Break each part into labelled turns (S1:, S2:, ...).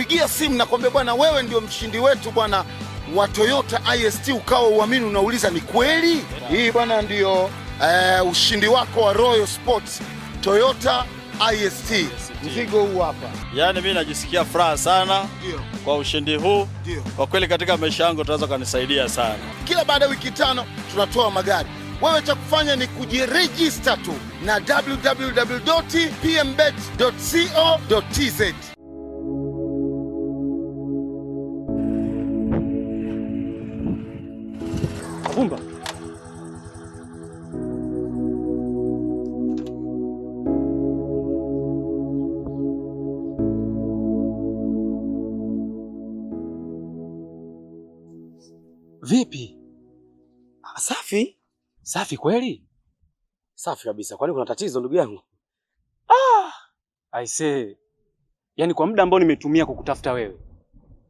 S1: nitakupigia simu na kwambia bwana, wewe ndio mshindi wetu bwana wa Toyota IST, ukawa uamini, unauliza ni kweli hii bwana, ndio uh, ushindi wako wa Royal Sports Toyota IST. Mzigo huu hapa.
S2: Yaani mimi najisikia furaha sana Dio. kwa ushindi huu Dio. kwa kweli katika maisha yangu tunaweza kanisaidia
S1: sana. Kila baada ya wiki tano tunatoa magari, wewe cha kufanya ni kujirejista tu na www.pmbet.co.tz.
S3: Safi kweli?
S4: Safi kabisa. Kwani kuna tatizo ndugu yangu?
S3: Ah, I say. Yaani kwa muda ambao nimetumia kukutafuta wewe.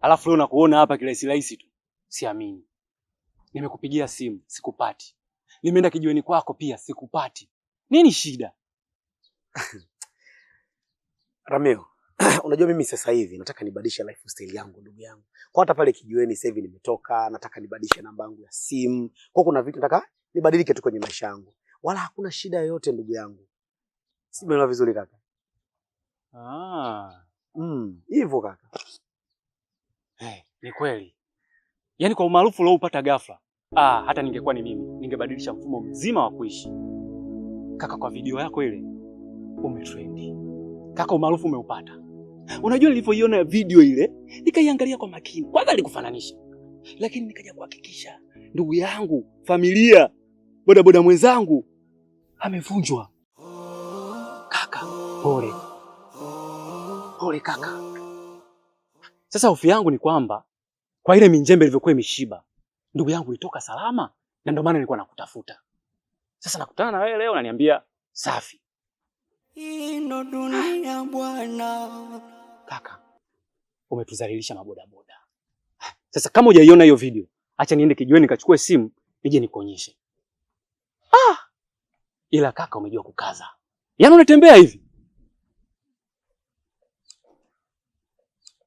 S3: Alafu leo nakuona hapa kirahisi rahisi tu. Siamini. Nimekupigia simu, sikupati. Nimeenda kijiweni kwako pia sikupati. Nini shida?
S4: Rameo, unajua mimi sasa hivi nataka nibadilishe lifestyle yangu ndugu yangu. Kwa hata pale kijiweni sasa hivi nimetoka, nataka nibadilishe namba yangu ya simu. Kwa kuna vitu nataka nibadilike tu kwenye maisha yangu, wala hakuna shida yoyote ndugu yangu. Simeelewa vizuri kaka?
S3: Ah,
S4: mm, hivyo kaka.
S3: Hey, eh, ni kweli. Yaani kwa umaarufu ulioupata ghafla. Ah, hata ningekuwa ni mimi, ningebadilisha mfumo mzima wa kuishi. Kaka, kwa video yako ile umetrendi. Kaka, umaarufu umeupata. Unajua nilivyoiona video ile, nikaiangalia kwa makini. Kwanza nikufananisha, Lakini nikaja kuhakikisha ndugu yangu, familia bodaboda mwenzangu amevunjwa.
S4: Kaka pole pole kaka.
S3: Sasa hofu yangu ni kwamba kwa ile minjembe ilivyokuwa imeshiba, ndugu yangu ilitoka salama, na ndio maana nilikuwa nakutafuta. Sasa nakutana na wewe leo, naniambia safi. Ino
S4: dunia bwana. Kaka umetuzalilisha mabodaboda. Sasa kama hujaiona hiyo video, acha niende kijiweni nikachukue simu nije nikuonyeshe. Ah! Ila kaka umejua kukaza. Yaani unatembea hivi.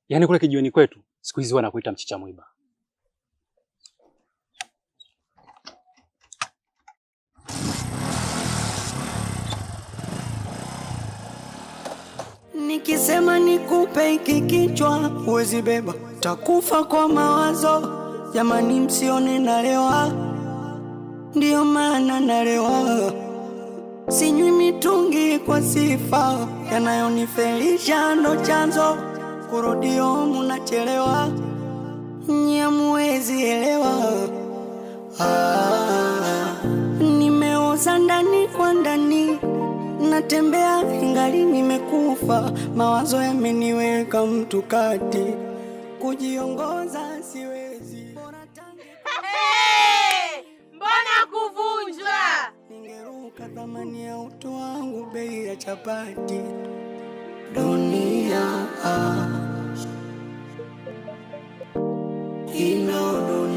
S4: Yaani kule kijiweni kwetu siku hizi wanakuita mchicha mwiba.
S5: Nikisema nikupe hiki kichwa huwezi beba, takufa kwa mawazo. Jamani, msione nalewa Ndiyo maana nalewa, sinywi mitungi kwa sifa, yanayonifelisha ndo chanzo, kurudio munachelewa, nye muwezi elewa. Ah, nimeoza ndani kwa ndani, natembea ingali nimekufa, mawazo yameniweka mtu kati, kujiongoza mtoto wangu bei ya chapati dunia, ah. Ino dunia.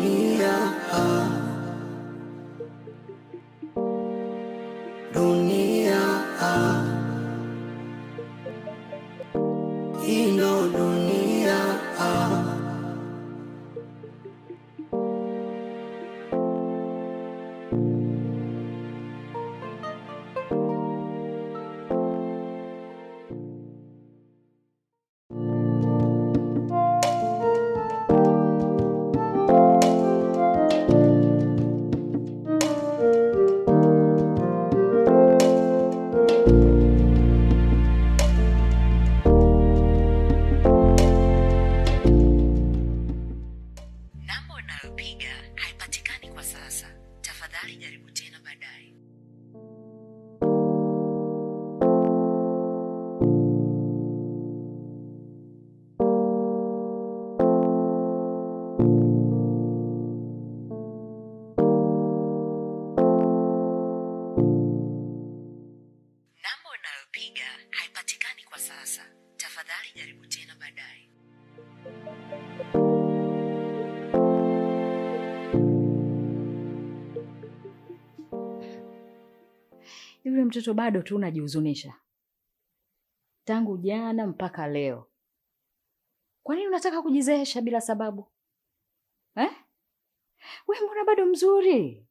S6: mtoto bado tu unajihuzunisha tangu jana mpaka leo. Kwa nini unataka kujizeesha bila sababu eh? We mbona bado mzuri,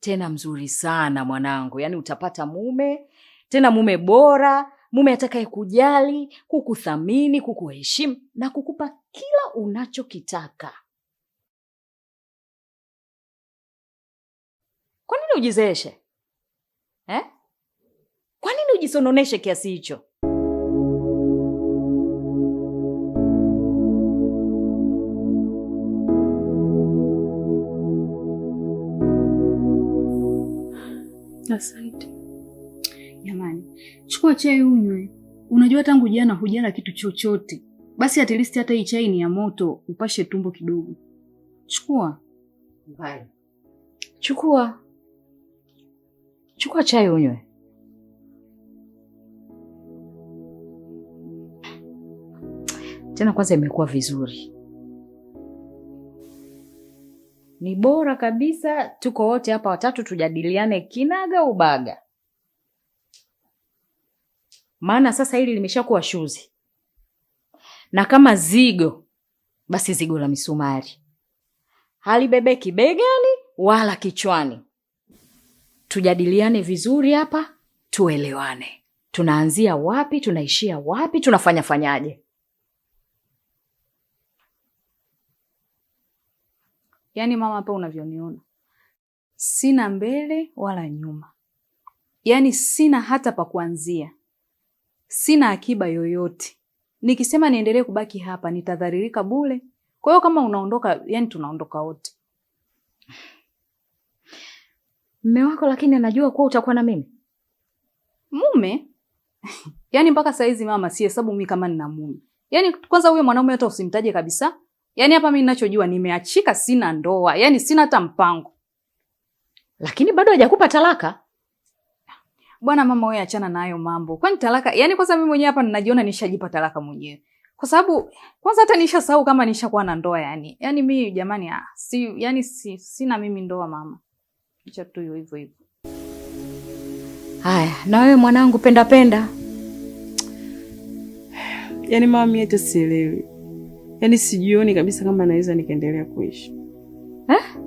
S6: tena mzuri sana mwanangu, yaani utapata mume tena mume bora, mume atakaye kujali, kukuthamini, kukuheshimu na kukupa kila unachokitaka. Kwa nini ujizeeshe eh? Kwa nini ujisononeshe kiasi hicho?
S7: Asante jamani, chukua chai unywe. Unajua tangu jana hujala kitu chochote, basi at least hata hii chai ni ya moto, upashe tumbo kidogo. Chukua Bye. chukua chukua chai unywe. tena kwanza imekuwa vizuri, ni bora kabisa. Tuko wote hapa watatu, tujadiliane kinaga ubaga, maana sasa hili limeshakuwa shuzi, na kama zigo basi zigo la misumari halibebeki begani wala kichwani. Tujadiliane vizuri hapa, tuelewane, tunaanzia wapi, tunaishia wapi, tunafanya fanyaje? Yaani mama, hapa unavyoniona, sina mbele wala nyuma, yaani sina hata pa kuanzia, sina akiba yoyote. Nikisema niendelee kubaki hapa nitadharirika bure. Kwa hiyo kama unaondoka, yani tunaondoka wote. Mme wako lakini anajua kuwa utakuwa na mimi mume yaani mpaka saizi mama, sihesabu mimi kama nina mume. Yaani kwanza huyo mwanaume hata usimtaje kabisa, Yaani hapa mimi ninachojua nimeachika, sina ndoa, yaani sina hata mpango. Lakini bado hajakupa talaka. Bwana mama, wewe achana na hayo mambo. Kwani talaka? Yaani kwanza mimi mwenyewe hapa ninajiona nishajipa talaka mwenyewe. Kwa sababu kwanza hata nishasahau kama nishakuwa na ndoa yani. Yaani mimi jamani, ah, si yani si, sina mimi ndoa mama. Acha tu hiyo hivyo hivyo. Haya, na wewe mwanangu penda penda.
S8: Yaani mama, mimi hata sielewi yaani sijioni kabisa kama naweza nikaendelea kuishi
S7: eh?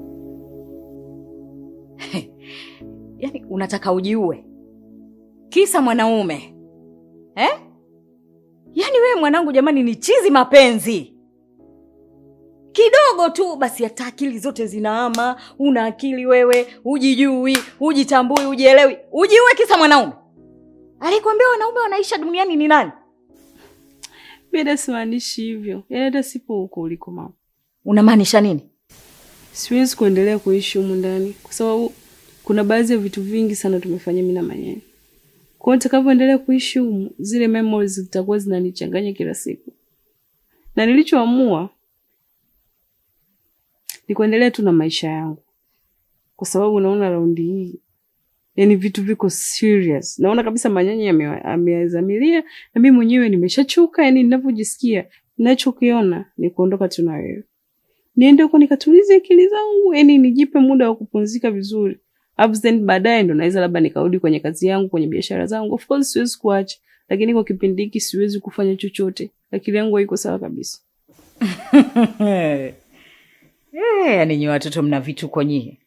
S7: Yaani unataka ujiue kisa mwanaume eh? Yaani wewe mwanangu, jamani, ni chizi mapenzi kidogo tu basi, hata akili zote zinaama. Una akili wewe, ujijui ujitambui ujielewi ujiue kisa mwanaume. Alikwambia wanaume wanaisha duniani ni nani?
S8: Beda, simaanishi hivyo. Yaani hata sipo huko uliko mama.
S7: Unamaanisha nini?
S8: Siwezi kuendelea kuishi humu ndani kwa sababu kuna baadhi ya vitu vingi sana tumefanya mimi na Manyanya. Kwa hiyo nitakavyoendelea kuishi humu, zile memories zitakuwa zinanichanganya kila siku. Na nilichoamua ni kuendelea tu na maisha yangu, kwa sababu naona raundi hii yani vitu viko serious. Naona kabisa Manyanya ameazamilia, na mimi mwenyewe nimeshachuka. Yani ninavyojisikia, ninachokiona ni kuondoka tu na wewe, niende huko nikatulize akili zangu, yani nijipe muda wa kupumzika vizuri, alafu baadaye ndo naweza labda nikarudi kwenye kazi yangu, kwenye biashara zangu. Of course siwezi kuacha, lakini kwa kipindi hiki siwezi kufanya chochote. Akili yangu haiko sawa kabisa.
S7: Eh, yaani nyie watoto mna vitu kwenye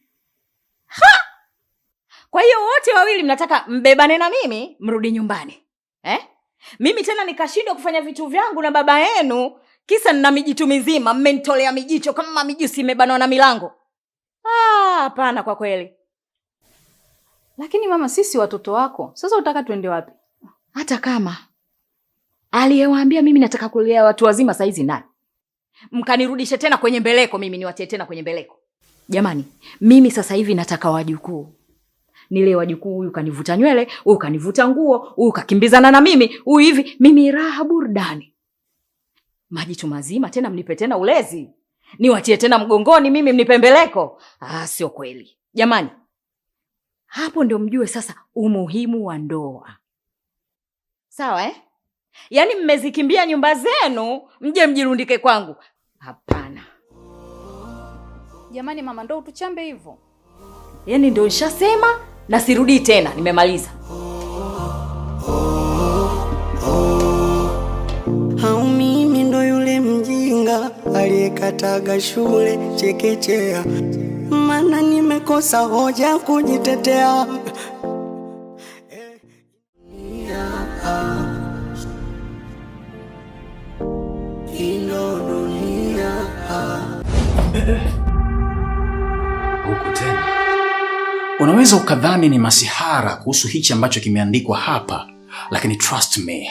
S7: Ha! Kwa hiyo wote wawili mnataka mbebane na mimi mrudi nyumbani eh? Mimi tena nikashindwa kufanya vitu vyangu na baba yenu, kisa nina mijitu mizima, mmenitolea mijicho kama mijusi imebanwa na milango. Ah, hapana ah, kwa kweli. Lakini mama, sisi watoto wako, sasa utaka tuende wapi? Hata kama aliyewaambia mimi nataka kulea watu wazima saizi nani? Mkanirudishe tena kwenye mbeleko, mimi niwatie tena kwenye mbeleko. Jamani, mimi sasa hivi nataka wajukuu nilewa jukuu, huyu kanivuta nywele, huyu kanivuta nguo, huyu kakimbizana na mimi, huyu hivi. Mimi raha burudani, maji tu mazima. Tena mnipe tena ulezi, niwatie tena mgongoni mimi, mnipe mbeleko. Ah, sio kweli jamani. Hapo ndio mjue sasa umuhimu wa ndoa, sawa eh? Yaani mmezikimbia nyumba zenu mje mjirundike kwangu? Hapana jamani, mama ndo utuchambe hivyo. Yaani ndo nshasema na sirudi tena, nimemaliza. Au mimi ndo yule mjinga aliyekataga shule chekechea, maana nimekosa hoja
S9: kujitetea Unaweza ukadhani ni masihara kuhusu hichi ambacho kimeandikwa hapa, lakini trust me,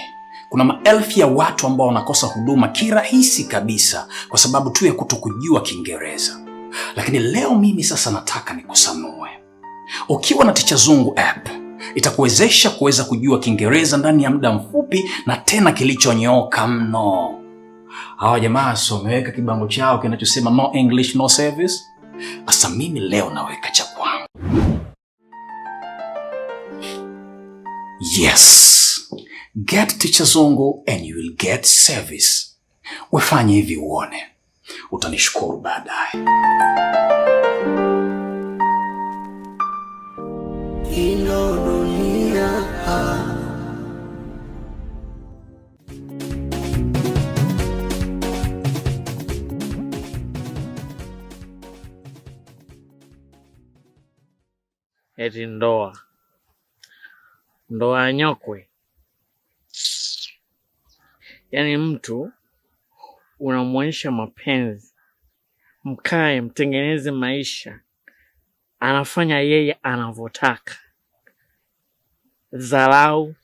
S9: kuna maelfu ya watu ambao wanakosa huduma kirahisi kabisa kwa sababu tu ya kutokujua Kiingereza. Lakini leo mimi sasa nataka nikusanue. Ukiwa na Ticha Zungu app itakuwezesha kuweza kujua Kiingereza ndani ya muda mfupi na tena kilichonyooka mno. Hawa jamaa so wameweka kibango chao kinachosema no English no service. Asa mimi leo naweka cha kwangu. Yes, get Ticha Zongo and you will get service. Wefanye hivi uone, utanishukuru baadaye.
S10: Eti ndoa ndoa nyokwe. Yaani mtu unamwonyesha mapenzi, mkae mtengeneze maisha, anafanya yeye anavyotaka. Dharau,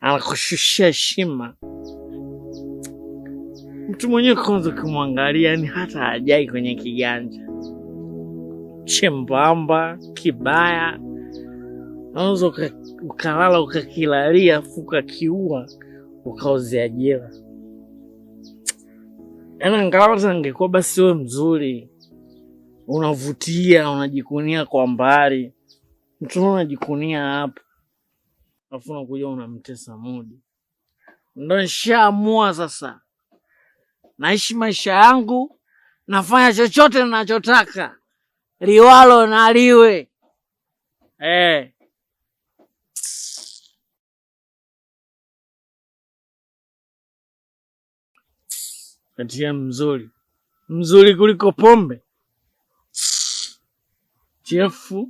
S10: anakushushia heshima. Mtu mwenyewe kwanza ukimwangalia, yani hata hajai kwenye kiganja, chembamba, kibaya, anaweza ukalala ukakilalia fuka kiua ukaozea jela. Ana angalau ngekuwa basi we um mzuri, unavutia, unajikunia kwa mbali, mtu unajikunia hapo, alafu unakuja unamtesa Mudi. Ndo nishaamua sasa, naishi maisha yangu, nafanya chochote ninachotaka, liwalo na liwe eh. Katia mzuri mzuri kuliko pombe chefu.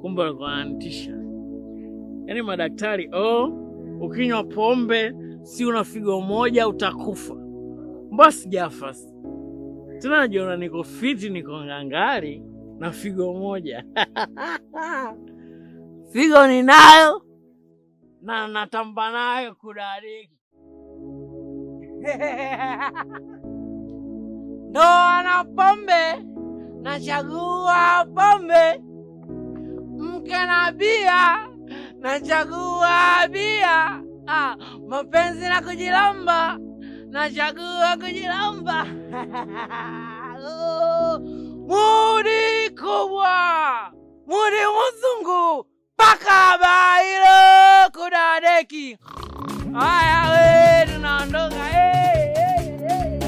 S10: Kumbe wanantisha, yaani madaktari oh, ukinywa pombe si una figo moja utakufa. Mbona sijafa tena, najiona niko fiti, niko ngangari na figo moja figo ninayo na natamba nayo kudariki ndoa na pombe, nachagua pombe. Mke na bia, nachagua bia. Ah, mapenzi na kujilamba, nachagua kujilamba. Oh, mudi kubwa, mudi mzungu mpaka Bailo kuna deki. Haya we tunaondoka hey, hey, hey.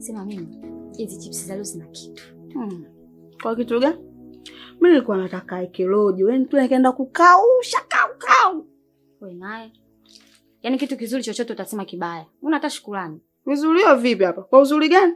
S11: Sema mimi, hizi chipsi za leo zina kitu.
S7: Hmm. Kwa kitu gani? Mimi nilikuwa nataka ekeloji, yaani wewe mtu nikaenda kukausha kau
S11: Wewe naye. Yaani kitu kizuri chochote utasema kibaya. Una hata
S7: shukrani. Nizulio vipi hapa? Kwa uzuri gani?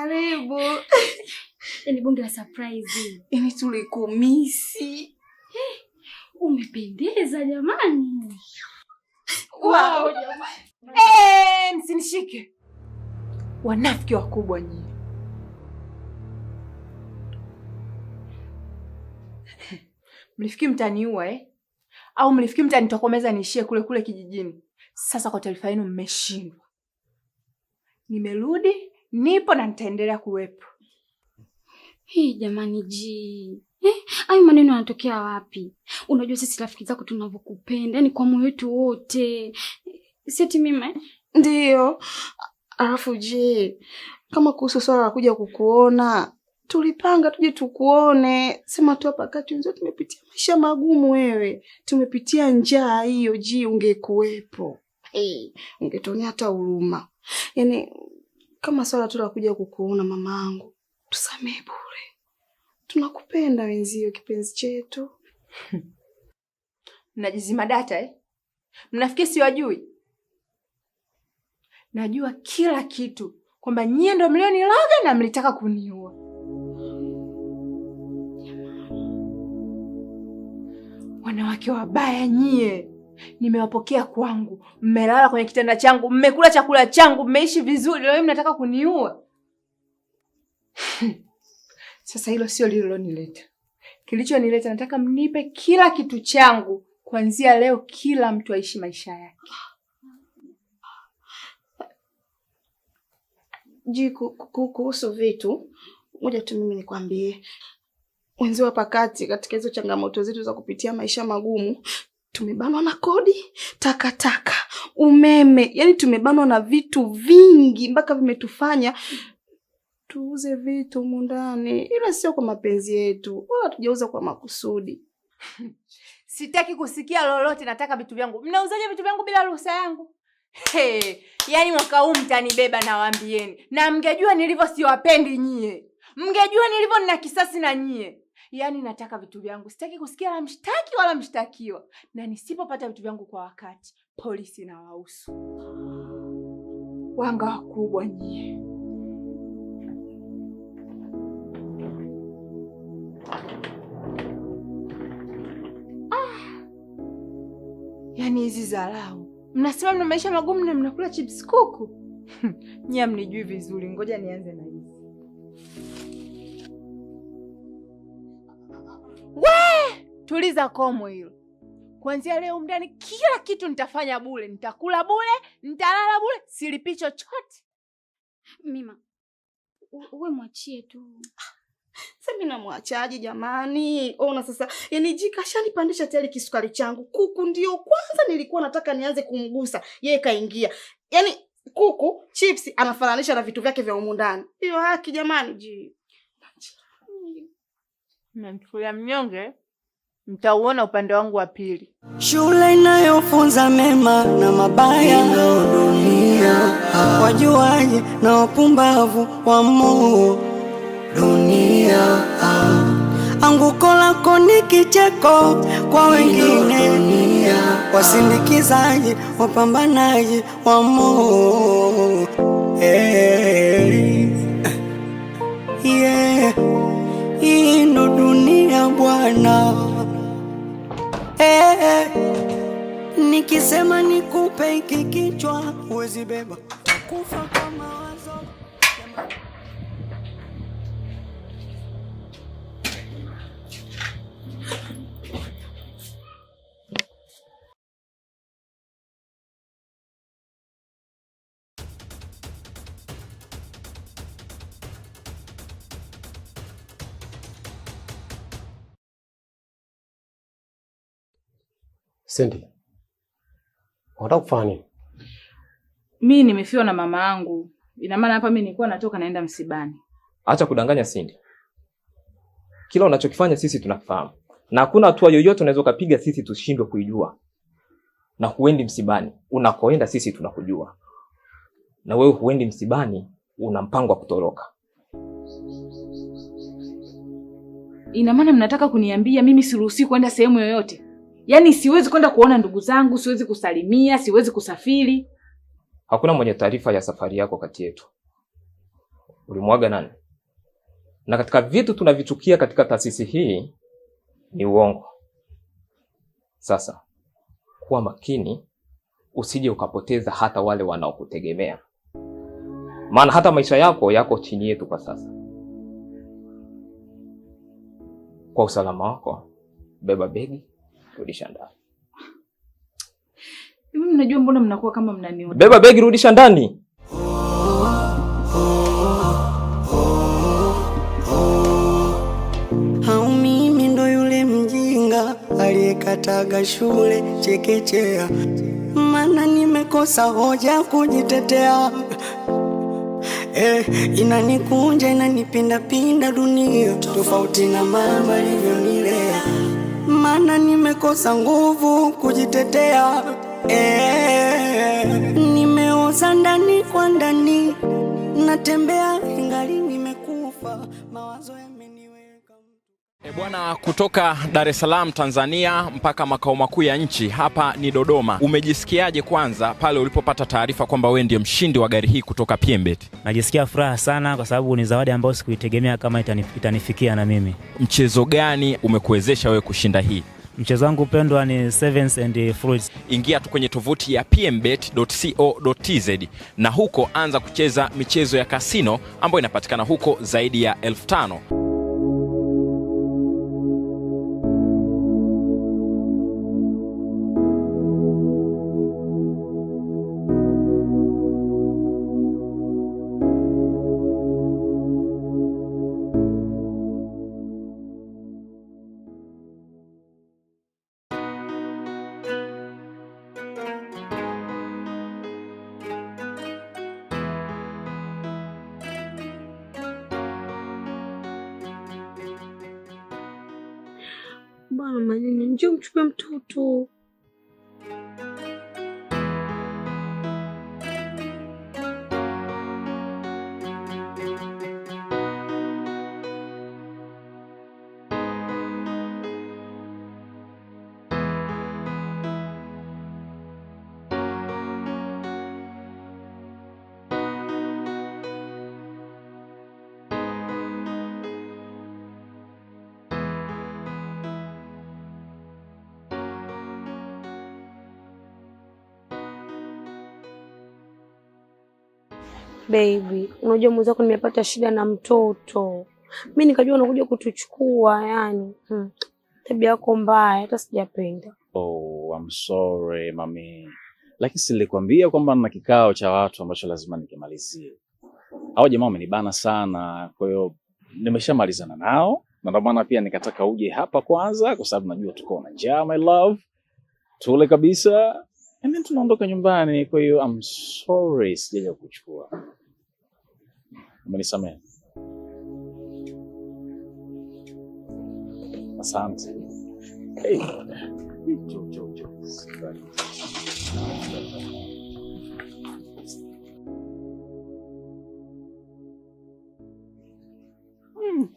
S12: Karibu.
S11: Yaani bonge la surprise.
S12: Yaani tulikumisi.
S11: Eh, umependeza jamani.
S12: Wow, jamani. Eh, msinishike.
S7: Wanafiki wakubwa nyinyi. mlifiki mtaniua eh? Au mlifiki mtanitokomeza niishie kule kule kijijini? Sasa kwa taarifa yenu mmeshindwa. Nimerudi nipo na nitaendelea kuwepo.
S11: Hii jamani, ji eh, eh, maneno yanatokea wapi? Unajua sisi rafiki zako tunavyokupenda, yani kwa moyo wetu wote, si mimi eh?
S12: ndio. Alafu ji kama kuhusu swala la kuja kukuona, tulipanga tuje tukuone, sema tu hapa kati wenzetu tumepitia maisha magumu, wewe tumepitia njaa hiyo, ji ungekuwepo, hey, ungetuonea hata huruma, yani kama swala tu la kuja kukuona mamaangu, tusamee bure, tunakupenda wenzio, kipenzi chetu.
S7: Mnajizima data eh? Mnafikiri siwajui? Najua kila kitu kwamba nyie ndo mlionilaga na mlitaka kuniua. Wanawake wabaya nyie nimewapokea kwangu, mmelala kwenye kitanda changu, mmekula chakula changu, mmeishi vizuri. Leo mnataka kuniua? Sasa hilo sio lililonileta. Kilichonileta, nataka mnipe kila kitu changu kuanzia leo. Kila mtu aishi maisha yake.
S12: Ji, kuhusu vitu moja tu, mimi nikwambie, wenzi hapa katika hizo changamoto zetu za kupitia maisha magumu tumebanwa na kodi, takataka taka, umeme, yani tumebanwa na vitu vingi mpaka vimetufanya tuuze vitu mundani, ila sio kwa mapenzi yetu, wala tujauza kwa makusudi.
S7: Sitaki kusikia lolote, nataka vitu vyangu. Mnauzaje vitu vyangu bila ruhusa yangu? Hey, yani mwaka huu mtanibeba, nawaambieni. Na mngejua nilivyo siwapendi nyie, mngejua nilivyo nina kisasi na nyie. Yaani nataka vitu vyangu, sitaki kusikia la mshtaki wala mshtakiwa, na nisipopata vitu vyangu kwa wakati polisi na wahusu. Wanga wakubwa nyie. Ah, yaani hizi dharau, mnasema mna maisha magumu na mnakula chips kuku nyie. Mnijui vizuri, ngoja nianze na hizi Tuliza komo hilo. Kuanzia leo mdani, kila kitu nitafanya bure, nitakula bure, nitalala bure, silipi chochote.
S11: Mima, uwe mwachie tu.
S7: Sasa mimi namwachaje jamani? Ona sasa, yani jika shanipandisha tayari kisukari changu. Kuku ndio kwanza nilikuwa nataka nianze kumgusa, yeye kaingia. yani kuku chips anafananisha na vitu vyake vya humu ndani. Hiyo haki jamani, ji. mnyonge mtauona upande wangu wa pili. Shule inayofunza mema na mabaya, dunia wajuaji na wapumbavu wa moo dunia. Anguko lako ni kicheko kwa wengine, wasindikizaji wapambanaji wa moo hey. yeah. Eh, eh, hii ndo dunia bwana hey, eh, eh.
S13: hey. Nikisema nikupe iki kichwa uwezi beba, takufa kwa mawazo. Sendi, unataka kufanya nini?
S7: Mi nimefiwa na mama yangu, ina maana hapa mi nilikuwa natoka naenda msibani.
S13: Acha kudanganya sindi kila unachokifanya sisi tunafahamu, na hakuna hatua yoyote unaweza ukapiga sisi tushindwe kuijua. Na huendi msibani, unakoenda sisi tunakujua, na wewe huendi msibani, una mpango wa kutoroka.
S7: Ina maana mnataka kuniambia mimi siruhusi kwenda sehemu yoyote? Yaani siwezi kwenda kuona ndugu zangu, siwezi kusalimia, siwezi kusafiri.
S13: Hakuna mwenye taarifa ya safari yako kati yetu. Ulimwaga nani? Na katika vitu tunavichukia katika taasisi hii ni uongo. Sasa kuwa makini, usije ukapoteza hata wale wanaokutegemea, maana hata maisha yako yako chini yetu kwa sasa. Kwa usalama wako, beba begi Rudisha ndani.
S7: Hivi mnajua mbona mnakuwa kama
S13: mnaniona? Beba begi rudisha ndani. Hau mimi ndo yule mjinga aliyekataga shule chekechea. Mana nimekosa hoja kujitetea. Eh, inanikunja
S14: inanipindapinda dunia tofauti na mama alivyonilea mana nimekosa nguvu kujitetea eh, nimeoza ndani kwa ndani, natembea ingalini Eh, bwana, kutoka Dar es Salaam Tanzania mpaka makao makuu ya nchi hapa ni Dodoma. Umejisikiaje kwanza pale ulipopata taarifa kwamba wewe ndiye mshindi wa gari hii kutoka PMbet?
S15: Najisikia furaha sana kwa sababu ni zawadi ambayo sikuitegemea kama itanif, itanifikia na
S16: mimi. Mchezo gani umekuwezesha wewe kushinda hii?
S17: Mchezo wangu pendwa ni Sevens and Fruits.
S16: Ingia tu kwenye tovuti ya pmbet.co.tz na huko anza kucheza michezo ya kasino ambayo inapatikana huko zaidi ya elfu tano.
S18: Baby, unajua mwenzako nimepata shida na mtoto, mi nikajua unakuja kutuchukua yani. Hmm, tabia yako mbaya, hata sijapenda.
S19: Oh, I'm sorry mami, lakini silikwambia kwamba nina kikao cha watu ambacho lazima nikimalizie. Hao jamaa wamenibana sana, kwa hiyo nimeshamalizana nao, na ndio maana pia nikataka uje hapa kwanza, kwa sababu najua tuko na njaa, my love, tule kabisa and then tunaondoka nyumbani. Kwa hiyo I'm sorry sijaja kuchukua Umenisamehe. Asante. Hey. Hmm.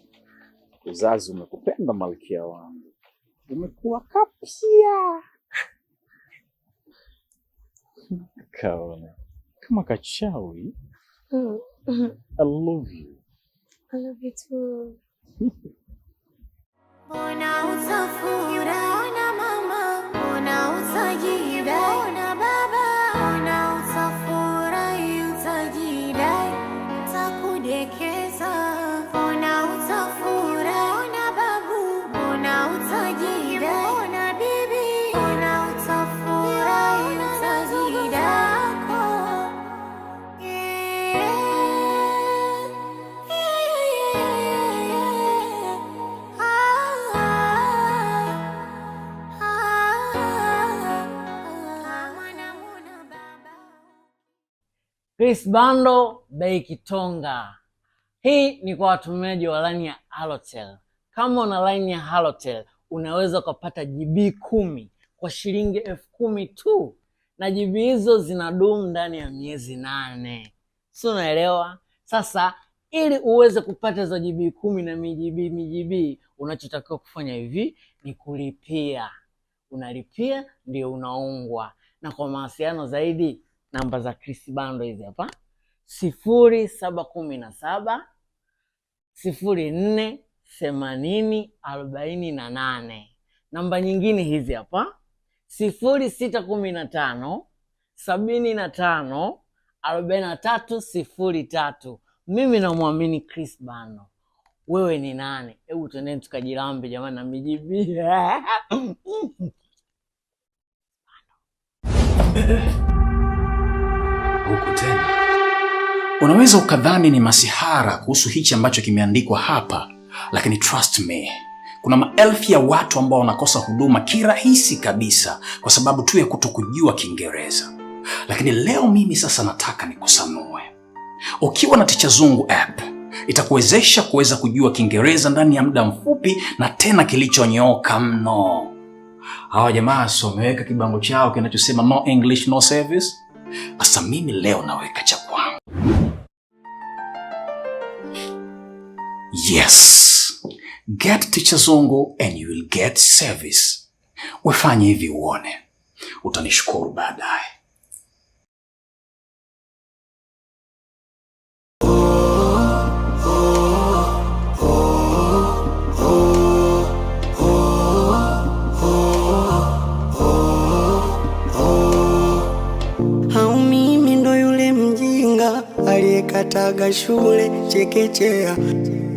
S19: Uzazi umekupenda malkia wangu,
S18: umekuwa kapia
S19: kaona kama kachawi. Hmm. Mm-hmm. I love you.
S20: I love you too. Bona na mama, bona
S21: Chris Bando bei Kitonga. Hii ni kwa watumiaji wa laini ya Halotel. Kama una laini ya Halotel unaweza ukapata GB kumi kwa shilingi elfu kumi tu, na GB hizo zinadumu ndani ya miezi nane, si unaelewa? Sasa ili uweze kupata za GB kumi na mijibi mijibi, unachotakiwa kufanya hivi ni kulipia. Unalipia ndio unaungwa, na kwa mawasiliano zaidi namba za Chris Bando hizi hapa, sifuri saba kumi na saba sifuri nne themanini arobaini na nane. Namba nyingine hizi hapa, sifuri sita kumi na tano sabini na tano arobaini na tatu sifuri tatu. Mimi namwamini Chris Bando. Wewe ni nani? Hebu tuendeni tukajirambe jamani, namijibia
S9: Unaweza ukadhani ni masihara kuhusu hichi ambacho kimeandikwa hapa, lakini trust me, kuna maelfu ya watu ambao wanakosa huduma kirahisi kabisa kwa sababu tu ya kutokujua Kiingereza. Lakini leo mimi sasa nataka nikusanue. Ukiwa na Ticha Zungu app itakuwezesha kuweza kujua Kiingereza ndani ya muda mfupi na tena kilichonyooka mno. Hawa jamaa so wameweka kibango chao kinachosema no English no service. Sasa mimi leo naweka cha Yes. Get Ticha Zongo and you will get service. Wefanye hivi uone, utanishukuru baadaye.
S5: Haumimi yule mjinga shule chekechea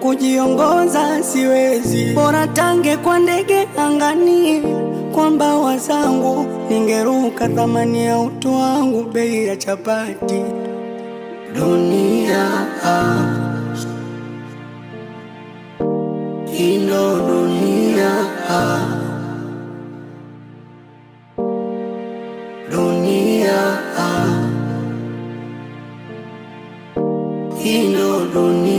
S5: kujiongoza siwezi, bora tange kwa ndege angani, kwa mbawa zangu ningeruka. Thamani ya utu wangu bei ya chapati. Dunia ah. ino dunia ah. dunia ah. ino dunia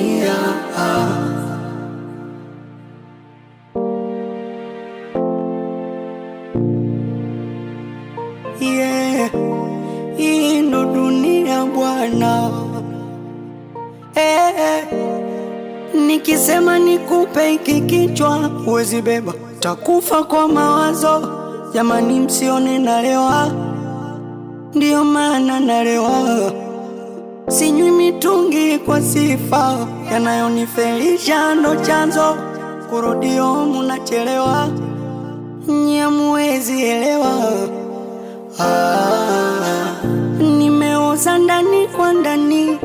S5: ndo dunia bwana. Eh, nikisema nikupe hiki kichwa huwezi beba, takufa kwa mawazo. Jamani, msione nalewa, ndiyo maana nalewa. Sinywi mitungi kwa sifa, yanayonifelisha ndo chanzo, kurudio munachelewa, nyamwezi elewa. Ah za ndani kwa ndani,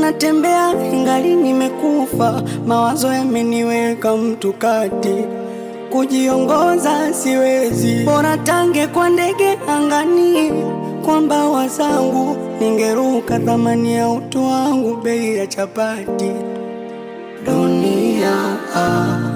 S5: natembea ingali nimekufa, mawazo yameniweka mtu kati, kujiongoza siwezi, bora tange kwa ndege angani, kwa mbawa zangu ningeruka, thamani ya utu wangu bei ya chapati dunia ah.